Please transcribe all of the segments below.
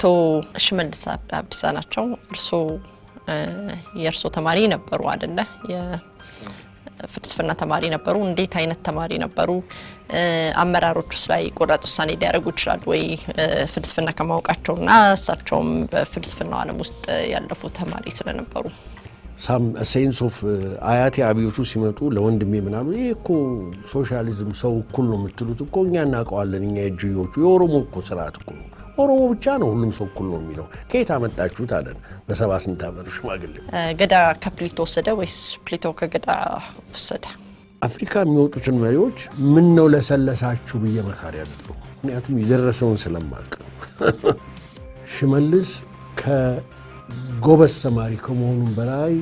አቶ ሽመልስ አብዲሳ ናቸው። እርሶ የእርሶ ተማሪ ነበሩ አይደለ? የፍልስፍና ተማሪ ነበሩ። እንዴት አይነት ተማሪ ነበሩ? አመራሮች ውስጥ ላይ ቆራጥ ውሳኔ ሊያደርጉ ይችላሉ ወይ? ፍልስፍና እና እሳቸውም በፍልስፍናው ዓለም ውስጥ ያለፉ ተማሪ ስለነበሩ ሳም ሴንስ ኦፍ አያቴ አብዮቱ ሲመጡ ለወንድሜ ምናምን ይህ እኮ ሶሻሊዝም ሰው እኩል ነው የምትሉት እኮ እኛ እናውቀዋለን እኛ የጅዮቹ የኦሮሞ እኮ ስርዓት እኮ ነው ኦሮሞ ብቻ ነው ሁሉም ሰው እኩል ነው የሚለው ከየት አመጣችሁት አለን። በሰባ ስንት ዓመቱ ሽማግሌ ገዳ ከፕሌቶ ወሰደ ወይስ ፕሌቶ ከገዳ ወሰደ? አፍሪካ የሚወጡትን መሪዎች ምን ነው ለሰለሳችሁ ብዬ መካሪ አይደለሁ። ምክንያቱም የደረሰውን ስለማቅ ሽመልስ ከጎበዝ ተማሪ ከመሆኑም በላይ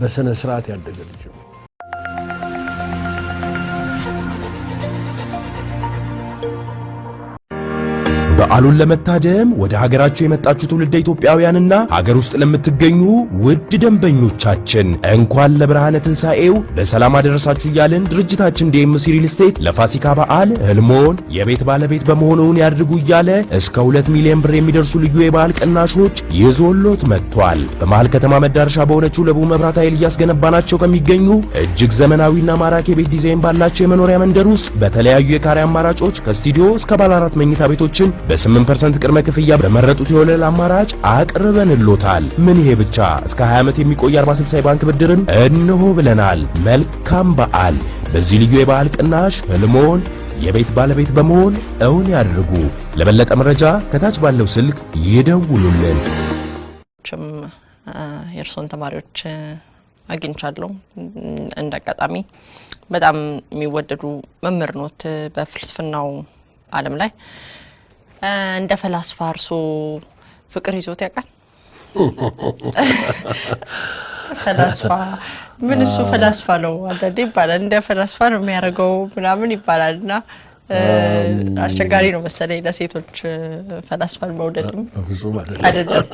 በሥነ ስርዓት ያደገ ልጅ ነው። በዓሉን ለመታደም ወደ ሀገራቸው የመጣችሁ ትውልደ ኢትዮጵያውያንና ሀገር ውስጥ ለምትገኙ ውድ ደንበኞቻችን እንኳን ለብርሃነ ትንሣኤው በሰላም አደረሳችሁ እያልን ድርጅታችን ዲኤምሲ ሪል ስቴት ለፋሲካ በዓል ህልሞን የቤት ባለቤት በመሆኑን ያድርጉ እያለ እስከ 2 ሚሊዮን ብር የሚደርሱ ልዩ የበዓል ቅናሾች ይዞሎት መጥቷል። በመሃል ከተማ መዳረሻ በሆነችው ለቡ መብራት ኃይል እያስገነባናቸው ከሚገኙ እጅግ ዘመናዊና ማራኪ የቤት ዲዛይን ባላቸው የመኖሪያ መንደር ውስጥ በተለያዩ የካሬ አማራጮች ከስቱዲዮ እስከ ባለ አራት መኝታ ቤቶችን በ8% ቅድመ ክፍያ በመረጡት የወለል አማራጭ አቅርበንሎታል። ምን ይሄ ብቻ እስከ 20 ዓመት የሚቆይ 46 60 ባንክ ብድርን እንሆ ብለናል። መልካም በዓል! በዚህ ልዩ የበዓል ቅናሽ ህልሞን የቤት ባለቤት በመሆን እውን ያድርጉ። ለበለጠ መረጃ ከታች ባለው ስልክ ይደውሉልን። የእርሶን ተማሪዎች አግኝቻለሁ። እንደ አጋጣሚ በጣም የሚወደዱ መምህር ኖት በፍልስፍናው ዓለም ላይ እንደ ፈላስፋ እርሶ ፍቅር ይዞት ያውቃል? ፈላስፋ ምን እሱ ፈላስፋ ነው አንዳንዴ ይባላል። እንደ ፈላስፋ ነው የሚያደርገው ምናምን ይባላል እና አስቸጋሪ ነው መሰለኝ ለሴቶች ፈላስፋን መውደድም። በፍጹም አይደለም።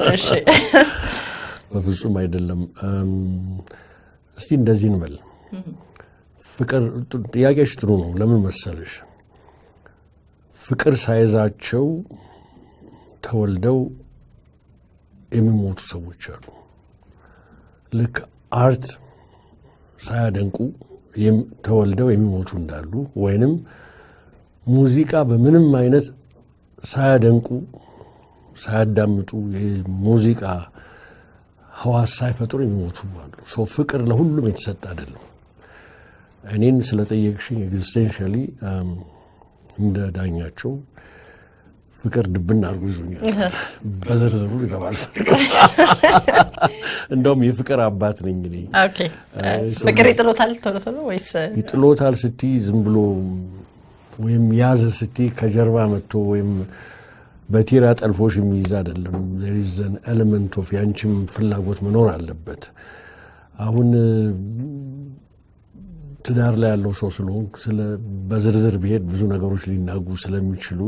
በፍጹም አይደለም። እስቲ እንደዚህ እንበል ፍቅር ጥያቄሽ ጥሩ ነው። ለምን መሰለሽ ፍቅር ሳይዛቸው ተወልደው የሚሞቱ ሰዎች አሉ። ልክ አርት ሳያደንቁ ተወልደው የሚሞቱ እንዳሉ ወይንም ሙዚቃ በምንም አይነት ሳያደንቁ ሳያዳምጡ ሙዚቃ ህዋስ ሳይፈጥሩ የሚሞቱ አሉ። ሰው ፍቅር ለሁሉም የተሰጠ አይደለም። እኔን ስለጠየቅሽኝ ኤግዚስቴንሻሊ እንደ ዳኛቸው ፍቅር ድብን አድርጎ በዝርዝሩ ይገባል። እንደውም የፍቅር አባት ነኝ እኔ። ፍቅር ይጥሎታል ቶሎ ቶሎ ወይስ ይጥሎታል ስቲ ዝም ብሎ ወይም ያዘ ስቲ ከጀርባ መጥቶ ወይም በቲራ ጠልፎሽ የሚይዝ አይደለም። ዘን ኤሌመንት ኦፍ ያንቺም ፍላጎት መኖር አለበት። አሁን ትዳር ላይ ያለው ሰው ስለሆን በዝርዝር ብሄድ ብዙ ነገሮች ሊናጉ ስለሚችሉ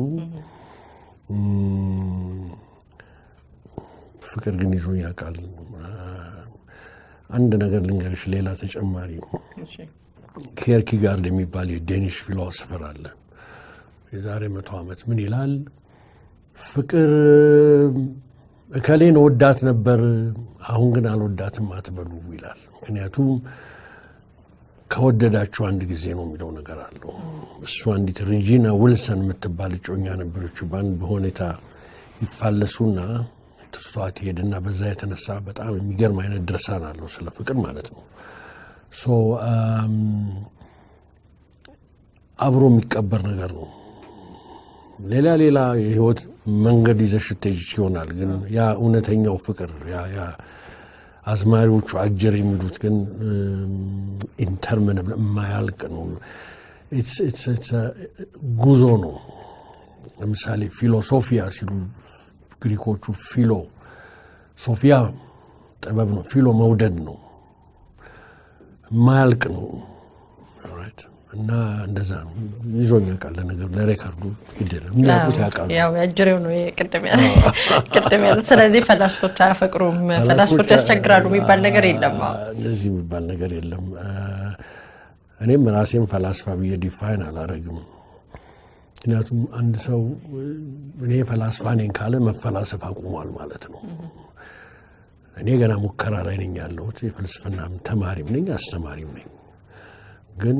ፍቅር ግን ይዞ ያውቃል። አንድ ነገር ልንገርሽ፣ ሌላ ተጨማሪ ኬርኪጋርድ የሚባል የዴኒሽ ፊሎሶፈር አለ። የዛሬ መቶ ዓመት ምን ይላል? ፍቅር እከሌን ወዳት ነበር፣ አሁን ግን አልወዳትም አትበሉ ይላል። ምክንያቱም ከወደዳችሁ አንድ ጊዜ ነው የሚለው ነገር አለው። እሱ አንዲት ሪጂና ውልሰን የምትባል እጮኛ ነበረች። በአንድ በሁኔታ ይፋለሱና ትቷት ሄድና በዛ የተነሳ በጣም የሚገርም አይነት ድርሳን አለው ስለ ፍቅር ማለት ነው። ሶ አብሮ የሚቀበር ነገር ነው። ሌላ ሌላ የህይወት መንገድ ይዘሽ ስትሄጂ ይሆናል፣ ግን ያ እውነተኛው ፍቅር አዝማሪዎቹ አጀር የሚሉት ግን ኢንተርሚነብል የማያልቅ ነው። ጉዞ ነው። ለምሳሌ ፊሎሶፊያ ሲሉ ግሪኮቹ ፊሎ ሶፊያ ጥበብ ነው። ፊሎ መውደድ ነው። የማያልቅ ነው። እና እንደዛ ነው ይዞ ቃል ለነገሩ ለሬከርዱ ይደለም የሚያውቁት ያውቃሉ። ያው ያጅሬው ነው ቅድም ያሉት። ስለዚህ ፈላስፎች አያፈቅሩም፣ ፈላስፎች ያስቸግራሉ የሚባል ነገር የለም። እንደዚህ የሚባል ነገር የለም። እኔም ራሴም ፈላስፋ ብዬ ዲፋይን አላረግም። ምክንያቱም አንድ ሰው እኔ ፈላስፋ ነኝ ካለ መፈላሰፍ አቁሟል ማለት ነው። እኔ ገና ሙከራ ላይ ነኝ ያለሁት። የፍልስፍናም ተማሪም ነኝ አስተማሪም ነኝ። ግን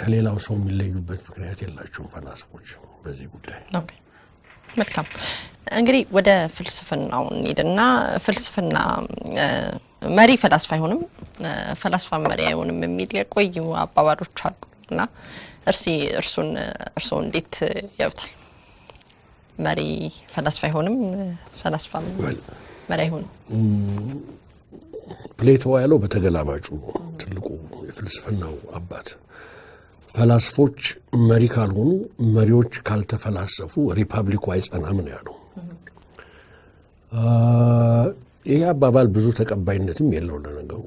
ከሌላው ሰው የሚለዩበት ምክንያት የላቸውም ፈላስፎች በዚህ ጉዳይ። መልካም እንግዲህ ወደ ፍልስፍናው እንሂድና ፍልስፍና መሪ ፈላስፋ አይሆንም፣ ፈላስፋ መሪ አይሆንም የሚል የቆዩ አባባሎች አሉ እና እርሲ እርሱን እርስዎ እንዴት ያዩታል? መሪ ፈላስፋ አይሆንም፣ ፈላስፋ መሪ አይሆንም። ፕሌቶ ያለው በተገላባጩ ትልቁ የፍልስፍናው አባት ፈላስፎች መሪ ካልሆኑ፣ መሪዎች ካልተፈላሰፉ ሪፐብሊኩ አይጸናም ነው ያለው። ይሄ አባባል ብዙ ተቀባይነትም የለው ለነገሩ።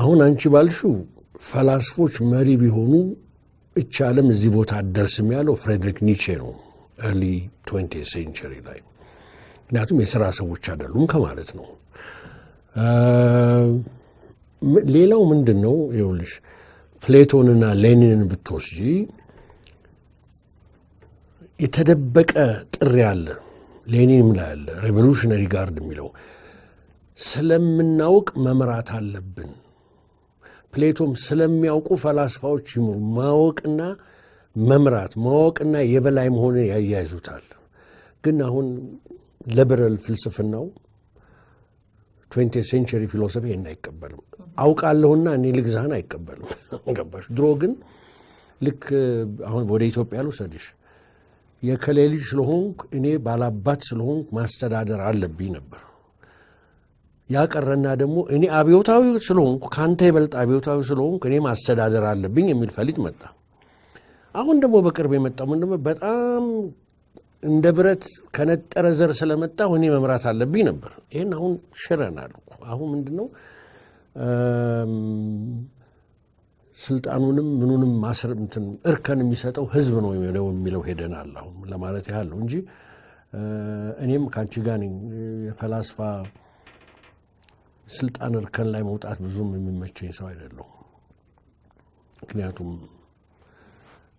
አሁን አንቺ ባልሽው ፈላስፎች መሪ ቢሆኑ እች ዓለም እዚህ ቦታ አደርስም ያለው ፍሬድሪክ ኒቼ ነው ኤርሊ ትዌንቲ ሴንቸሪ ላይ። ምክንያቱም የሥራ ሰዎች አይደሉም ከማለት ነው። ሌላው ምንድን ነው? ይኸውልሽ ፕሌቶንና ሌኒንን ብትወስጂ የተደበቀ ጥሪ አለ። ሌኒን ምን ያለ ሬቮሉሽነሪ ጋርድ የሚለው ስለምናውቅ መምራት አለብን። ፕሌቶም ስለሚያውቁ ፈላስፋዎች ይኑሩ። ማወቅና መምራት ማወቅና የበላይ መሆንን ያያይዙታል። ግን አሁን ለበረል ፍልስፍናው ትዌንቲ ሴንቸሪ ፊሎሶፊ ይህን አይቀበልም። አውቃለሁና እኔ ልግዛህን አይቀበልም። ገባሽ? ድሮ ግን ልክ አሁን ወደ ኢትዮጵያ ልውሰድሽ፣ የከሌ ልጅ ስለሆንኩ እኔ ባላባት ስለሆንኩ ማስተዳደር አለብኝ ነበር። ያቀረና ደግሞ እኔ አብዮታዊ ስለሆንኩ ከአንተ ይበልጥ አብዮታዊ ስለሆንኩ እኔ ማስተዳደር አለብኝ የሚል ፈሊጥ መጣ። አሁን ደግሞ በቅርብ የመጣው ምንድን ነው? በጣም እንደ ብረት ከነጠረ ዘር ስለመጣ እኔ መምራት አለብኝ ነበር። ይህን አሁን አልኩ። አሁን ምንድነው ስልጣኑንም ምኑንም ማስር እንትን እርከን የሚሰጠው ህዝብ ነው የሚለው ሄደናል። አሁን ለማለት ያህል ነው እንጂ እኔም ከአንቺ ጋር የፈላስፋ ስልጣን እርከን ላይ መውጣት ብዙም የሚመቸኝ ሰው አይደለሁም። ምክንያቱም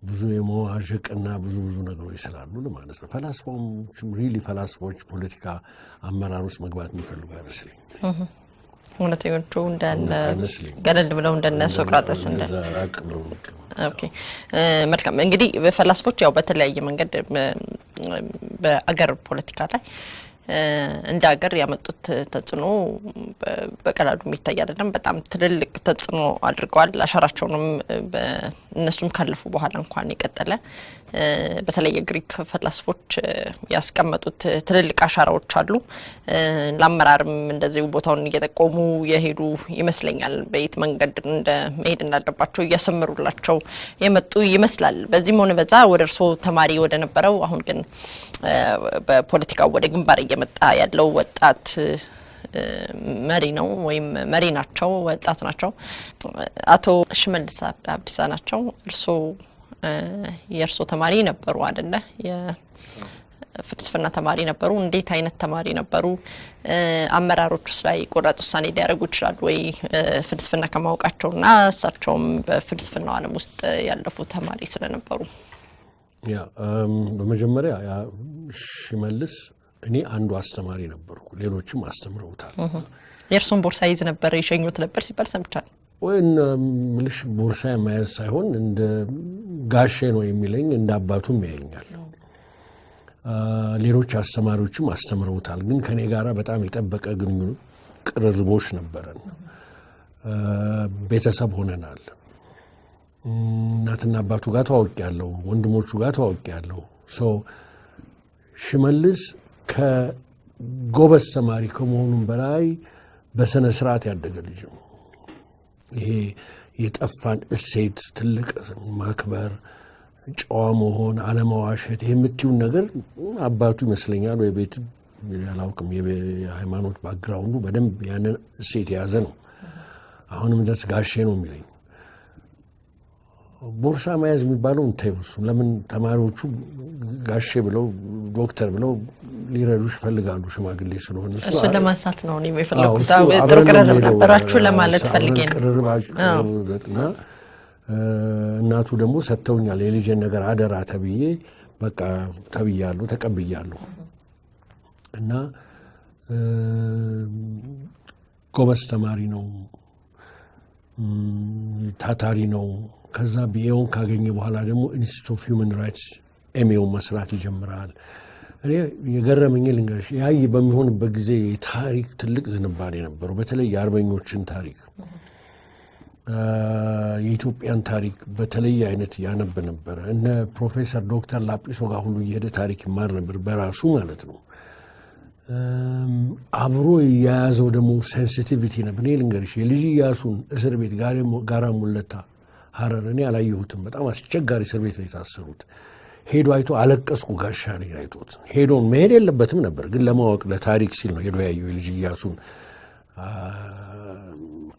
ብዙ የመዋዠቅና ብዙ ብዙ ነገሮች ስላሉ ማለት ነው። ፈላስፋዎችም ሪሊ ፈላስፎች ፖለቲካ አመራር ውስጥ መግባት የሚፈልጉ አይመስልኝ። እውነተኞቹ እንዳለ ገለል ብለው እንደነ ሶቅራጠስ እንደ መልካም እንግዲህ ፈላስፎች ያው በተለያየ መንገድ በአገር ፖለቲካ ላይ እንደ ሀገር ያመጡት ተጽዕኖ በቀላሉ የሚታይ አይደለም። በጣም ትልልቅ ተጽዕኖ አድርገዋል። አሻራቸውንም እነሱም ካለፉ በኋላ እንኳን የቀጠለ በተለይ የግሪክ ፈላስፎች ያስቀመጡት ትልልቅ አሻራዎች አሉ። ለአመራርም እንደዚሁ ቦታውን እየጠቆሙ የሄዱ ይመስለኛል። በየት መንገድ እንደ መሄድ እንዳለባቸው እያሰምሩላቸው የመጡ ይመስላል። በዚህም ሆነ በዛ ወደ እርስዎ ተማሪ ወደ ነበረው አሁን ግን በፖለቲካው ወደ ግንባር እየመጣ ያለው ወጣት መሪ ነው ወይም መሪ ናቸው፣ ወጣት ናቸው። አቶ ሽመልስ አብዲሳ ናቸው። እርሶ የእርሶ ተማሪ ነበሩ አይደለ? የፍልስፍና ተማሪ ነበሩ። እንዴት አይነት ተማሪ ነበሩ? አመራሮች ውስጥ ላይ ቆራጥ ውሳኔ ሊያደርጉ ይችላሉ ወይ? ፍልስፍና እና እሳቸውም በፍልስፍናው ዓለም ውስጥ ያለፉ ተማሪ ስለነበሩ ያ በመጀመሪያ ሽመልስ እኔ አንዱ አስተማሪ ነበርኩ፣ ሌሎችም አስተምረውታል። የእርሱን ቦርሳ ይዝ ነበር የሸኙት ነበር ሲባል ሰምቻል። ወይን ምልሽ ቦርሳ የማያዝ ሳይሆን እንደ ጋሼ ነው የሚለኝ፣ እንደ አባቱም ያየኛል። ሌሎች አስተማሪዎችም አስተምረውታል። ግን ከኔ ጋራ በጣም የጠበቀ ግንኙ ቅርርቦች ነበረን። ቤተሰብ ሆነናል። እናትና አባቱ ጋር ተዋውቅ ያለው፣ ወንድሞቹ ጋር ተዋውቅ ያለው ሽመልስ ከጎበዝ ተማሪ ከመሆኑም በላይ በስነ ስርዓት ያደገ ልጅ ነው። ይሄ የጠፋን እሴት ትልቅ ማክበር፣ ጨዋ መሆን፣ አለመዋሸት፣ ይሄ የምትዩን ነገር አባቱ ይመስለኛል ወይ ቤት አላውቅም። የሃይማኖት ባግራውንዱ በደንብ ያንን እሴት የያዘ ነው። አሁንም ደስ ጋሼ ነው የሚለኝ ቦርሳ መያዝ የሚባለው ተይውሱ። ለምን ተማሪዎቹ ጋሼ ብለው ዶክተር ብለው ሊረዱሽ ይፈልጋሉ። ሽማግሌ ስለሆነ እሱ ለማንሳት ነው የፈለኩት። ጥሩ ቅርርብ ነበራችሁ ለማለት ፈልጌ ቅርርባችሁና እናቱ ደግሞ ሰጥተውኛል የልጄን ነገር አደራ ተብዬ በቃ ተብያለሁ፣ ተቀብያለሁ እና ጎበዝ ተማሪ ነው፣ ታታሪ ነው ከዛ ቢኤውን ካገኘ በኋላ ደግሞ ኢንስቲት ኦፍ ሂውማን ራይትስ ኤምኤውን መስራት ይጀምራል። እኔ የገረመኝ ልንገርሽ፣ ያ በሚሆንበት ጊዜ የታሪክ ትልቅ ዝንባሌ ነበረው። በተለይ የአርበኞችን ታሪክ፣ የኢትዮጵያን ታሪክ በተለየ አይነት ያነብ ነበረ። እነ ፕሮፌሰር ዶክተር ላጲሶ ጋር ሁሉ እየሄደ ታሪክ ይማር ነበር በራሱ ማለት ነው። አብሮ የያዘው ደግሞ ሴንሲቲቪቲ ነበር። እኔ ልንገርሽ የልጅ ኢያሱን እስር ቤት ጋራ ሙለታ ሀረር እኔ አላየሁትም። በጣም አስቸጋሪ እስር ቤት ነው የታሰሩት። ሄዶ አይቶ አለቀስኩ። ጋሻ ነኝ አይቶት ሄዶ መሄድ የለበትም ነበር፣ ግን ለማወቅ ለታሪክ ሲል ነው ሄዶ ያየው። የልጅ እያሱን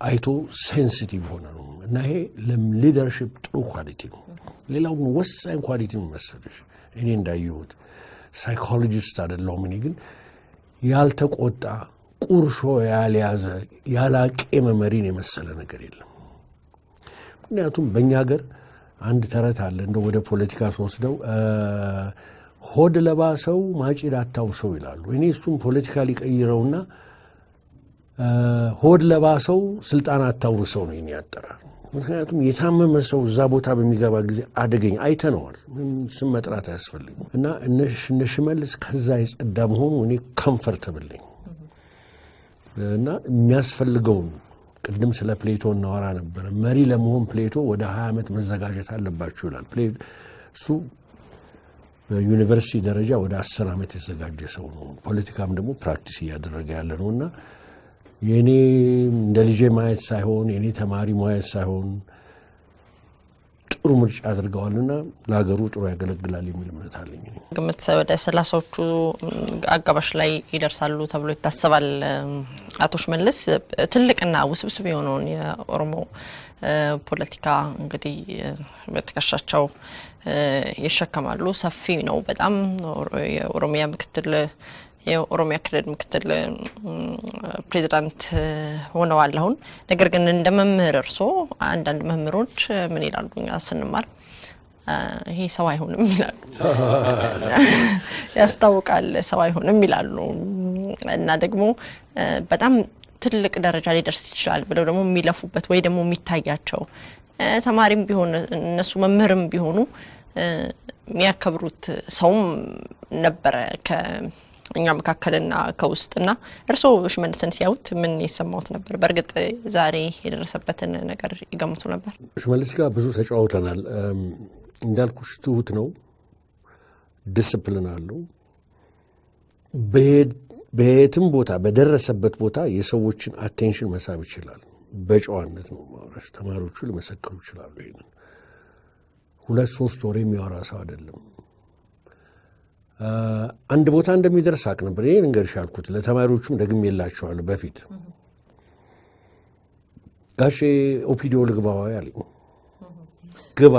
አይቶ ሴንሲቲቭ ሆነ ነው እና ይሄ ለሊደርሽፕ ጥሩ ኳሊቲ ነው። ሌላው ግን ወሳኝ ኳሊቲ ነው መሰለሽ እኔ እንዳየሁት ሳይኮሎጂስት አደለውም እኔ ግን ያልተቆጣ ቁርሾ ያልያዘ ያላቄ መመሪን የመሰለ ነገር የለም። ምክንያቱም በእኛ ሀገር አንድ ተረት አለ እንደ ወደ ፖለቲካ ስወስደው ሆድ ለባ ለባሰው ማጭድ ሰው ይላሉ። እኔ እሱም ፖለቲካ ሊቀይረውና ሆድ ለባ ሰው ስልጣን ሰው ነው የእኔ ያጠራል ምክንያቱም የታመመ ሰው እዛ ቦታ በሚገባ ጊዜ አደገኝ አይተነዋል። ስም መጥራት አያስፈልግም። እና እነ ሽመልስ ከዛ የጸዳ መሆኑ እኔ ከንፈርትብልኝ እና የሚያስፈልገውን ቅድም ስለ ፕሌቶ እናወራ ነበረ። መሪ ለመሆን ፕሌቶ ወደ 20 ዓመት መዘጋጀት አለባችሁ ይላል። እሱ በዩኒቨርሲቲ ደረጃ ወደ 10 ዓመት የተዘጋጀ ሰው ነው። ፖለቲካም ደግሞ ፕራክቲስ እያደረገ ያለ ነው እና የእኔ እንደ ልጄ ማየት ሳይሆን የእኔ ተማሪ ማየት ሳይሆን ጥሩ ምርጫ አድርገዋልና ለሀገሩ ጥሩ ያገለግላል የሚል እምነት አለኝ። ግምት ወደ ሰላሳዎቹ አጋባሽ ላይ ይደርሳሉ ተብሎ ይታሰባል። አቶ ሽመልስ ትልቅና ውስብስብ የሆነውን የኦሮሞ ፖለቲካ እንግዲህ በትከሻቸው ይሸከማሉ። ሰፊ ነው በጣም የኦሮሚያ ምክትል የኦሮሚያ ክልል ምክትል ፕሬዚዳንት ሆነዋል አሁን። ነገር ግን እንደ መምህር እርሶ አንዳንድ መምህሮች ምን ይላሉ? እኛ ስንማር ይሄ ሰው አይሆንም ይላሉ፣ ያስታውቃል፣ ሰው አይሆንም ይላሉ እና ደግሞ በጣም ትልቅ ደረጃ ሊደርስ ይችላል ብለው ደግሞ የሚለፉበት ወይ ደግሞ የሚታያቸው ተማሪም ቢሆን እነሱ መምህርም ቢሆኑ የሚያከብሩት ሰውም ነበረ እኛ መካከልና ከውስጥና እርስዎ ሽመልስን ሲያዩት ምን ይሰማዎት ነበር? በእርግጥ ዛሬ የደረሰበትን ነገር ይገምቱ ነበር? ሽመልስ ጋር ብዙ ተጫውተናል። እንዳልኩሽ ትሁት ነው፣ ዲስፕሊን አለው። በየትም ቦታ በደረሰበት ቦታ የሰዎችን አቴንሽን መሳብ ይችላል። በጨዋነት ነው ማውራሽ። ተማሪዎቹ ሊመሰክሩ ይችላሉ። ይሄንን ሁለት ሶስት ወር የሚያወራ ሰው አይደለም። አንድ ቦታ እንደሚደርስ አቅ ነበር። ይህ ልንገርሽ አልኩት ለተማሪዎቹም ደግም የላቸዋለሁ በፊት ጋሼ ኦፒዲዮ ልግባዋ ያለኝ ግባ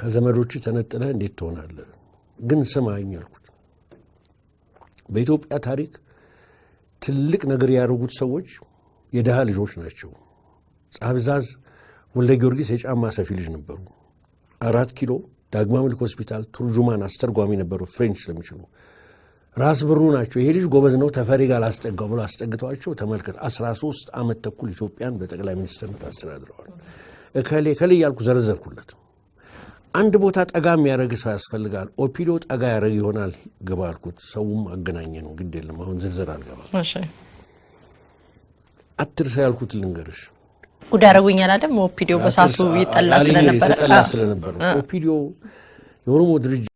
ከዘመዶች ተነጥለ እንዴት ትሆናለህ? ግን ስማኝ አልኩት። በኢትዮጵያ ታሪክ ትልቅ ነገር ያደረጉት ሰዎች የድሃ ልጆች ናቸው። ጻብዛዝ ወልደ ጊዮርጊስ የጫማ ሰፊ ልጅ ነበሩ። አራት ኪሎ ዳግማ ምኒልክ ሆስፒታል ቱርጁማን አስተርጓሚ ነበሩ፣ ፍሬንች ስለሚችሉ ራስ ብሩ ናቸው። ይሄ ልጅ ጎበዝ ነው ተፈሪ ጋር አስጠጋው ብሎ አስጠግተዋቸው ተመልከት፣ 13 ዓመት ተኩል ኢትዮጵያን በጠቅላይ ሚኒስትርነት አስተዳድረዋል። እከሌ ከሌ እያልኩ ዘረዘርኩለት። አንድ ቦታ ጠጋ የሚያደረግ ሰው ያስፈልጋል። ኦፒዶ ጠጋ ያደረግ ይሆናል ግባ አልኩት። ሰውም አገናኘ ነው። ግድ የለም አሁን ዝርዝር አልገባም። አትርሳ ያልኩት ልንገርሽ ጉድ አደረጉኛል አይደል? ኦፒዲዮ በሳቱ ይጠላ ስለነበረ ስለነበረ ኦፒዲዮ የኦሮሞ ድርጅት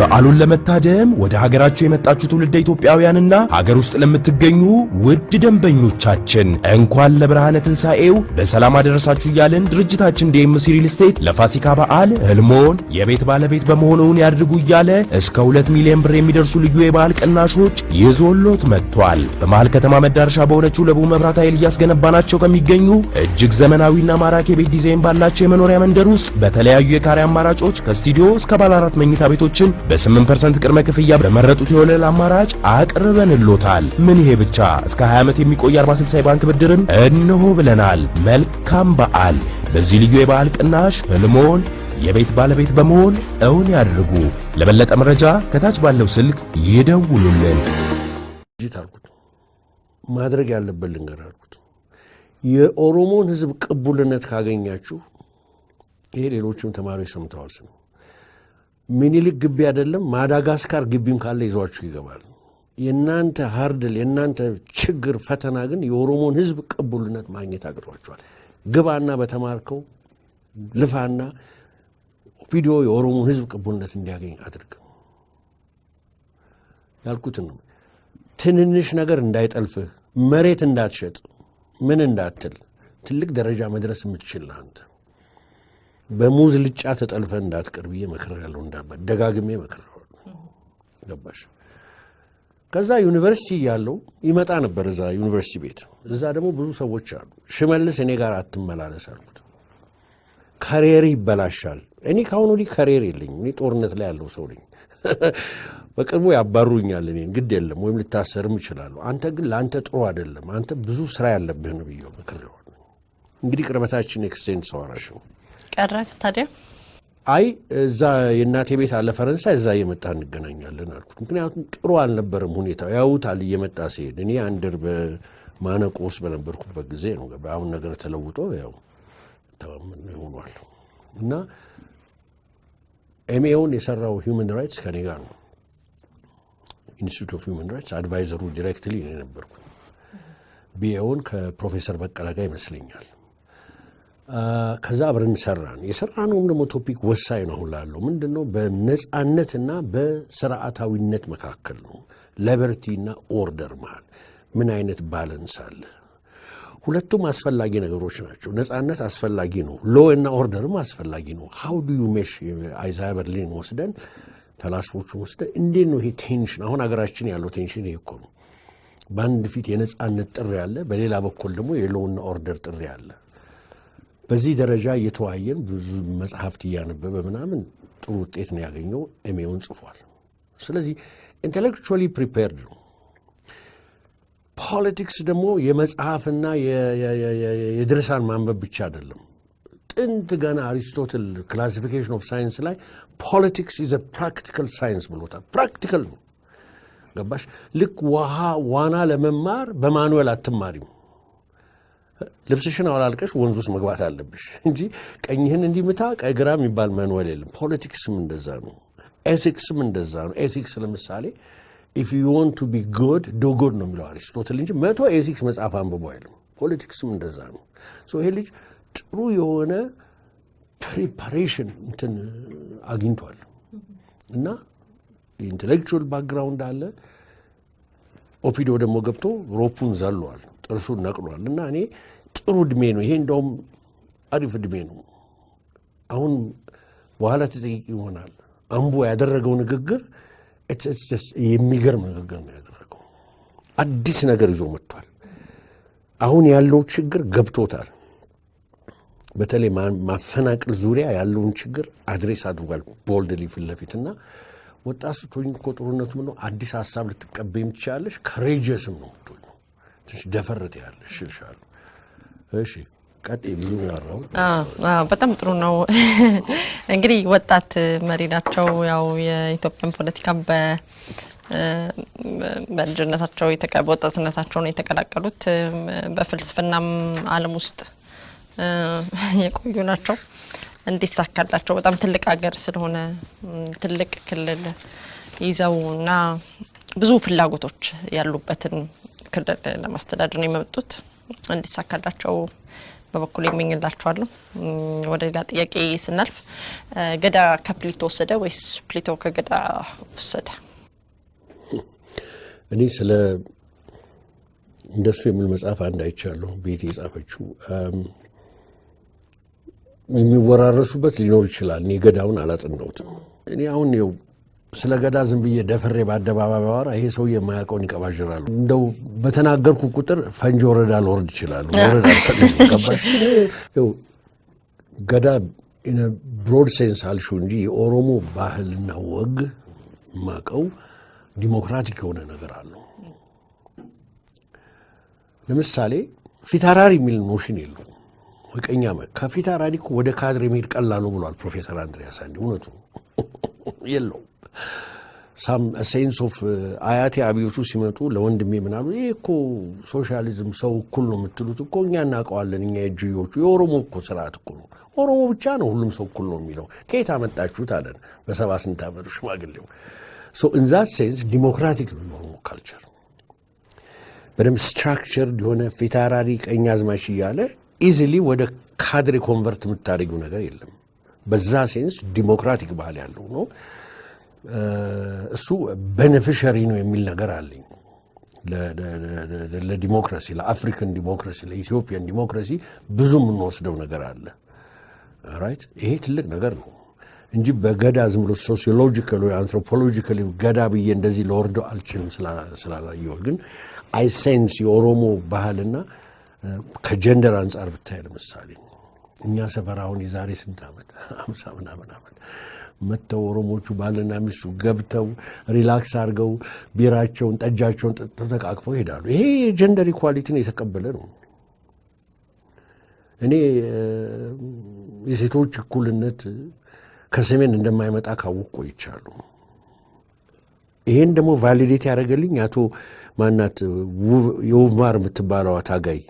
በዓሉን ለመታደም ወደ ሀገራቸው የመጣችሁ ትውልደ ኢትዮጵያውያንና ሀገር ውስጥ ለምትገኙ ውድ ደንበኞቻችን እንኳን ለብርሃነ ትንሣኤው በሰላም አደረሳችሁ እያልን ድርጅታችን ዲኤምሲ ሪል ስቴት ለፋሲካ በዓል ህልሞን የቤት ባለቤት በመሆኑን ያድርጉ እያለ እስከ 2 ሚሊዮን ብር የሚደርሱ ልዩ የበዓል ቅናሾች ይዞሎት መጥቷል። በመሃል ከተማ መዳረሻ በሆነችው ለቡ መብራት ኃይል እያስገነባናቸው ከሚገኙ እጅግ ዘመናዊና ማራኪ የቤት ዲዛይን ባላቸው የመኖሪያ መንደር ውስጥ በተለያዩ የካሬ አማራጮች ከስቱዲዮ እስከ ባለ አራት መኝታ ቤቶችን በ8% ቅድመ ክፍያ በመረጡት የወለል አማራጭ አቅርበንሎታል። ምን ይሄ ብቻ እስከ 20 ዓመት የሚቆይ 46 ባንክ ብድርን እንሆ ብለናል። መልካም በዓል! በዚህ ልዩ የበዓል ቅናሽ ህልሞን የቤት ባለቤት በመሆን እውን ያድርጉ። ለበለጠ መረጃ ከታች ባለው ስልክ ይደውሉልን። አልኩት ማድረግ ያለበት ልንገር አልኩት። የኦሮሞን ህዝብ ቅቡልነት ካገኛችሁ ይሄ ሌሎችም ተማሪዎች ሰምተዋል ስም ሚኒሊክ ግቢ አይደለም ማዳጋስካር ግቢም ካለ ይዟችሁ ይገባል። የእናንተ ሀርድል የእናንተ ችግር ፈተና ግን የኦሮሞን ህዝብ ቅቡልነት ማግኘት አቅቷቸዋል። ግባና በተማርከው ልፋና ቪዲዮ የኦሮሞን ህዝብ ቅቡልነት እንዲያገኝ አድርግ ያልኩትን ነው። ትንንሽ ነገር እንዳይጠልፍህ፣ መሬት እንዳትሸጥ፣ ምን እንዳትል፣ ትልቅ ደረጃ መድረስ የምትችል አንተ በሙዝ ልጫ ተጠልፈ እንዳትቀር ብዬ ያለው እንዳባ ደጋግሜ መክር ገባሽ? ከዛ ዩኒቨርሲቲ እያለሁ ይመጣ ነበር እዛ ዩኒቨርሲቲ ቤት። እዛ ደግሞ ብዙ ሰዎች አሉ። ሽመልስ እኔ ጋር አትመላለስ አልኩት። ከሬር ይበላሻል። እኔ ከአሁን ወዲህ ከሬር የለኝም። እኔ ጦርነት ላይ ያለው ሰው ነኝ። በቅርቡ ያባሩኛል። እኔን ግድ የለም ወይም ልታሰርም ይችላሉ። አንተ ግን ለአንተ ጥሩ አይደለም። አንተ ብዙ ስራ ያለብህ ነው ብዬ መክሬዋለሁ። እንግዲህ ቅርበታችን ኤክስቴንድ ሰዋራሽ ነው። ቀረ ታዲያ? አይ እዛ የእናቴ ቤት አለ ፈረንሳይ፣ እዛ እየመጣ እንገናኛለን አልኩት። ምክንያቱም ጥሩ አልነበረም ሁኔታ ያውታል እየመጣ ሲሄድ እኔ አንድር በማነቆ ውስጥ በነበርኩበት ጊዜ ነው። አሁን ነገር ተለውጦ ያው ተማምን ሆኗል እና ኤምኤውን የሰራው ሂውማን ራይትስ ከኔ ጋር ነው። ኢንስቲቱት ኦፍ ሂውማን ራይትስ አድቫይዘሩ ዲሬክትሊ ነው የነበርኩ። ቢኤውን ከፕሮፌሰር በቀለ ጋር ይመስለኛል ከዛ አብረን ሰራን። የሰራነውም ደግሞ ቶፒክ ወሳኝ ነው። አሁን ላለው ምንድን ነው በነፃነትና በስርዓታዊነት መካከል ነው፣ ለበርቲና ኦርደር መሃል ምን አይነት ባለንስ አለ። ሁለቱም አስፈላጊ ነገሮች ናቸው። ነፃነት አስፈላጊ ነው፣ ሎ እና ኦርደርም አስፈላጊ ነው። ሀው ዱ ዩ ሜሽ አይዛያ በርሊን ወስደን ፈላስፎቹን ወስደን እንዴት ነው ይሄ ቴንሽን፣ አሁን ሀገራችን ያለው ቴንሽን ይሄ እኮ ነው። በአንድ ፊት የነፃነት ጥሪ አለ፣ በሌላ በኩል ደግሞ የሎና ኦርደር ጥሪ አለ። በዚህ ደረጃ እየተወያየን ብዙ መጽሐፍት እያነበበ ምናምን ጥሩ ውጤት ነው ያገኘው። ኤሜውን ጽፏል። ስለዚህ ኢንቴሌክቹዋሊ ፕሪፔርድ ነው። ፖለቲክስ ደግሞ የመጽሐፍና የድርሳን ማንበብ ብቻ አይደለም። ጥንት ገና አሪስቶትል ክላሲፊኬሽን ኦፍ ሳይንስ ላይ ፖለቲክስ ኢዝ ፕራክቲካል ሳይንስ ብሎታል። ፕራክቲካል ነው። ገባሽ? ልክ ውሃ ዋና ለመማር በማኑዌል አትማሪም። ልብስሽን አወላልቀሽ ወንዝ ውስጥ መግባት አለብሽ እንጂ ቀኝህን እንዲምታ ቀግራ የሚባል መንወል የለም። ፖለቲክስም እንደዛ ነው። ኤቲክስም እንደዛ ነው። ኤቲክስ ለምሳሌ ኢፍ ዩ ወንት ቱ ቢ ጎድ ዶ ጎድ ነው የሚለው አሪስቶትል እንጂ መቶ ኤቲክስ መጽሐፍ አንብቦ አይልም። ፖለቲክስም እንደዛ ነው። ይሄ ልጅ ጥሩ የሆነ ፕሪፓሬሽን እንትን አግኝቷል እና ኢንቴሌክቹዋል ባክግራውንድ አለ። ኦፒዶ ደግሞ ገብቶ ሮፑን ዘሏል። እርሱን ነቅሏል እና እኔ ጥሩ እድሜ ነው ይሄ እንደውም አሪፍ እድሜ ነው። አሁን በኋላ ተጠይቅ ይሆናል። አምቦ ያደረገው ንግግር የሚገርም ንግግር ነው ያደረገው። አዲስ ነገር ይዞ መጥቷል። አሁን ያለው ችግር ገብቶታል። በተለይ ማፈናቀል ዙሪያ ያለውን ችግር አድሬስ አድርጓል ቦልድ ፊት ለፊት እና ወጣ ስቶኝ እኮ ጥሩነቱ ምነው አዲስ ሀሳብ ልትቀበይም ትችላለሽ። ከሬጀስም ነው ትንሽ ደፈርት ያለ ሽልሻሉ። እሺ ቀጤ ብዙ ያራው በጣም ጥሩ ነው። እንግዲህ ወጣት መሪ ናቸው። ያው የኢትዮጵያን ፖለቲካ በልጅነታቸው በወጣትነታቸው ነው የተቀላቀሉት። በፍልስፍናም ዓለም ውስጥ የቆዩ ናቸው። እንዲሳካላቸው በጣም ትልቅ ሀገር ስለሆነ ትልቅ ክልል ይዘው እና ብዙ ፍላጎቶች ያሉበትን ክልል ለማስተዳደር ነው የመጡት። እንዲሳካላቸው በበኩል የምኝላቸዋለሁ። ወደ ሌላ ጥያቄ ስናልፍ ገዳ ከፕሌቶ ወሰደ ወይስ ፕሊቶ ከገዳ ወሰደ? እኔ ስለ እንደሱ የሚል መጽሐፍ አንድ አይቻለሁ። ቤት የጻፈችው የሚወራረሱበት ሊኖር ይችላል። እኔ ገዳውን አላጥነውትም። እኔ አሁን ስለ ገዳ ዝም ብዬ ደፍሬ በአደባባይ ባወራ ይሄ ሰው የማያውቀውን ይቀባዥራሉ። እንደው በተናገርኩ ቁጥር ፈንጂ ወረዳ ልወርድ ይችላሉ። ወረዳ ገባሽ? ገዳ ብሮድ ሴንስ አልሹ እንጂ የኦሮሞ ባህልና ወግ ማቀው ዲሞክራቲክ የሆነ ነገር አለው። ለምሳሌ ፊታራሪ የሚል ኖሽን የለውም። ወቀኛ ከፊታራሪ ወደ ካድሬ መሄድ ነው ብሏል ፕሮፌሰር አንድሪያስ አንዴ። እውነቱ የለው ሴንስ ኦፍ uh, አያቴ አብዮቱ ሲመጡ ለወንድሜ ምናምን ይህ እኮ ሶሻሊዝም ሰው እኩል ነው የምትሉት እኮ እኛ እናውቀዋለን። እኛ የጅዮቹ የኦሮሞ እኮ ስርዓት እኮ ነው። ኦሮሞ ብቻ ነው ሁሉም ሰው እኩል ነው የሚለው ከየት አመጣችሁት አለን። በሰባ ስንት ዓመቱ ሽማግሌው እንዛት ሴንስ ዲሞክራቲክ ነው የኦሮሞ ካልቸር በደምብ ስትራክቸር የሆነ ፊታውራሪ ቀኝ አዝማሽ እያለ ኢዚሊ ወደ ካድሬ ኮንቨርት የምታደርጊው ነገር የለም። በዛ ሴንስ ዲሞክራቲክ ባህል ያለው ነው። እሱ ቤኔፊሸሪ ነው የሚል ነገር አለኝ ለዲሞክራሲ ለአፍሪካን ዲሞክራሲ ለኢትዮጵያን ዲሞክራሲ ብዙ የምንወስደው ነገር አለ። ራይት ይሄ ትልቅ ነገር ነው እንጂ በገዳ ዝም ብሎ ወይ አንትሮፖሎጂካል ገዳ ብዬ እንደዚህ ለወርደው አልችልም ስላላየሁ፣ ግን አይሴንስ የኦሮሞ ባህልና ከጀንደር አንጻር ብታይ ለምሳሌ እኛ አሁን የዛሬ ስንት ዓመት አምሳ ምናምን ዓመት መጥተው ኦሮሞቹ ባልና ሚስቱ ገብተው ሪላክስ አድርገው ቢራቸውን ጠጃቸውን ተጠቃቅፈው ተቃቅፈው ይሄዳሉ። ይሄ የጀንደር ኢኳሊቲን የተቀበለ ነው። እኔ የሴቶች እኩልነት ከሰሜን እንደማይመጣ ካወቅ ቆይቻሉ። ይሄን ደግሞ ቫሊዴት ያደረገልኝ አቶ ማናት የውብ ማር የምትባለዋ ታጋይ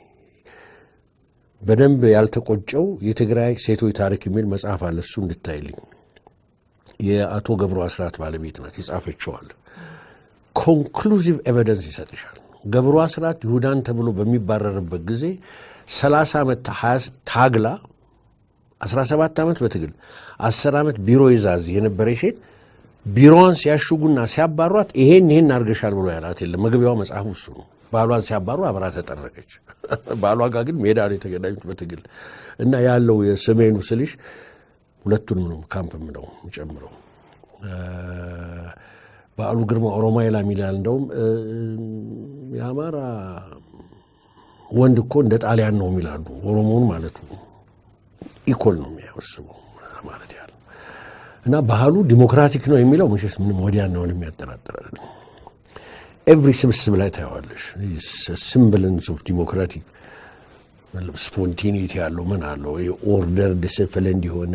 በደንብ ያልተቆጨው የትግራይ ሴቶች ታሪክ የሚል መጽሐፍ አለ። እሱ እንድታይልኝ የአቶ ገብሩ አስራት ባለቤት ናት የጻፈችዋል። ኮንክሉዚቭ ኤቪደንስ ይሰጥሻል። ገብሩ አስራት ይሁዳን ተብሎ በሚባረርበት ጊዜ 30 ዓመት ታግላ 17 ዓመት በትግል 10 ዓመት ቢሮ ይዛዝ የነበረ ሴት ቢሮዋን ሲያሽጉና ሲያባሯት ይሄን ይሄን አድርገሻል ብሎ ያላት የለም። መግቢያው መጽሐፍ እሱ ነው። ባሏን ሲያባሩ አብራ ተጠረቀች። ባሏ ጋር ግን ሜዳ ነው የተገናኙት በትግል እና ያለው የሰሜኑ ስልሽ ሁለቱንም ነው ካምፕ ነው የሚጨምረው። በዓሉ ግርማ ኦሮማይላ ይላል። እንደውም የአማራ ወንድ እኮ እንደ ጣሊያን ነው የሚላሉ ኦሮሞውን ማለት ነው። ኢኮል ነው የሚያወስበው ማለት ያህል እና ባህሉ ዲሞክራቲክ ነው የሚለው መቼስ ምንም ወዲያና ወዲህ የሚያጠራጥር አይደለም። ኤቭሪ ስብስብ ላይ ታየዋለሽ። ሲምብልንስ ኦፍ ዲሞክራቲክ ስፖንቲኒቲ ያለው ምን አለው ኦርደር ዲስፕሊን እንዲሆን